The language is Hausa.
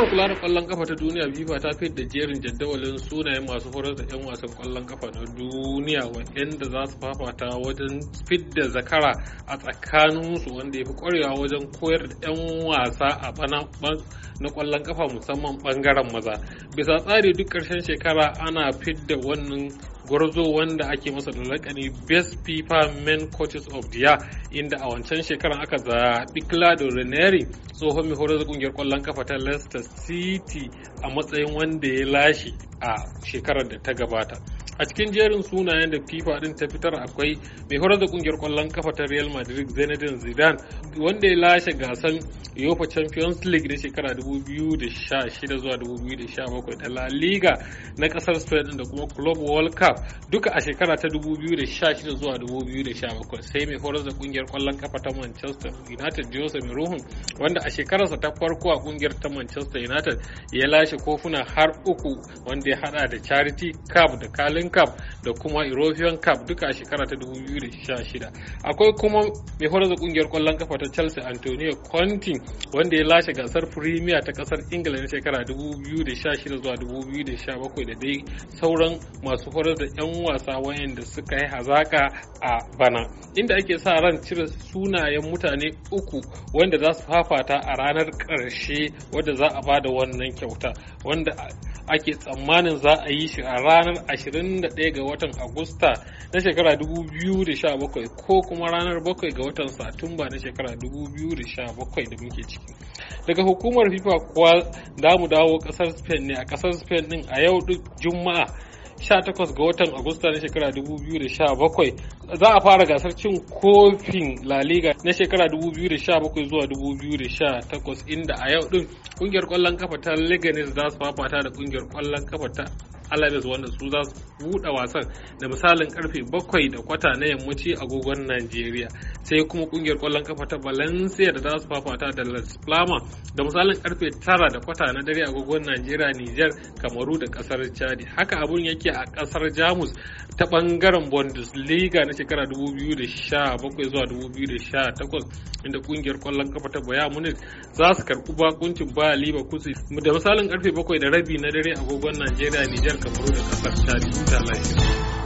hukumar kula da kwallon kafa ta duniya fifa ta da jerin jadawalin sunayen masu horar da 'yan wasan kwallon kafa na duniya waɗanda za su fafata wajen fidda zakara a tsakaninsu wanda ya fi kwarewa wajen koyar da 'yan wasa a bana na kwallon kafa musamman bangaren maza bisa tsari duk ƙarshen shekara ana fidda wannan gwarzo wanda ake masa da lakani best fifa men coaches of the year inda a wancan shekaran aka zaɓi claudio ranieri tsohon mai horar da kungiyar kwallon kafa ta leicester city a matsayin wanda ya lashe a shekarar da ta gabata a cikin jerin sunayen da fifa din ta fitar akwai mai horar da kungiyar kwallon kafa ta real madrid zinedine zidane wanda ya lashe gasan UEFA Champions League na shekara 2016 zuwa 2017 da La Liga na kasar Spain da kuma Club World Cup duka a shekara ta 2016 zuwa 2017 sai mai horar da kungiyar kwallon kafa ta Manchester United Jose Mourinho wanda a shekararsa ta farko a kungiyar ta Manchester United ya lashe kofuna har uku wanda ya hada da Charity Cup da Carling Cup da kuma European Cup duka a shekara ta 2016 akwai kuma mai horar da kungiyar kwallon kafa ta Chelsea Antonio Conte wanda ya lashe gasar premier ta kasar ingila na shekara 2016 zuwa 2017 da dai sauran masu horar da 'yan wasa wayanda suka yi hazaka a bana inda ake sa ran cire sunayen mutane uku wanda za su fafata a ranar karshe wadda za a bada wannan kyauta wanda ake tsammanin za a yi shi a ranar 21 ga watan Agusta na shekara 2017 ko kuma ranar 7 ga watan Satumba na shekara 2017 da muke ciki. Daga hukumar FIFA kuwa da mu dawo kasar Spain ne a kasar Spain din a yau duk Juma'a 18 ga watan Agusta na shekara za a fara gasar cin kofin La Liga na shekara 2017 zuwa 2018 inda a yau din kungiyar kwallon kafa ta Leganes za su fafata da kungiyar kwallon kafa ta Alabes wanda su za su buɗe wasan da misalin karfe bakwai da kwata na yammaci agogon Najeriya. sai kuma kungiyar kwallon kafa ta valencia da za fafata da las palmas da misalin karfe tara da kwata na dare agogon najeriya niger kamaru da kasar chadi haka abun yake a kasar jamus ta bangaren bundesliga na shekara 2017 zuwa 2018 inda kungiyar kwallon kafa ta bayan munich za su karbi bakuncin baya liba kusi da misalin karfe bakwai da rabi na dare agogon najeriya niger kamaru da kasar chadi ta lafiya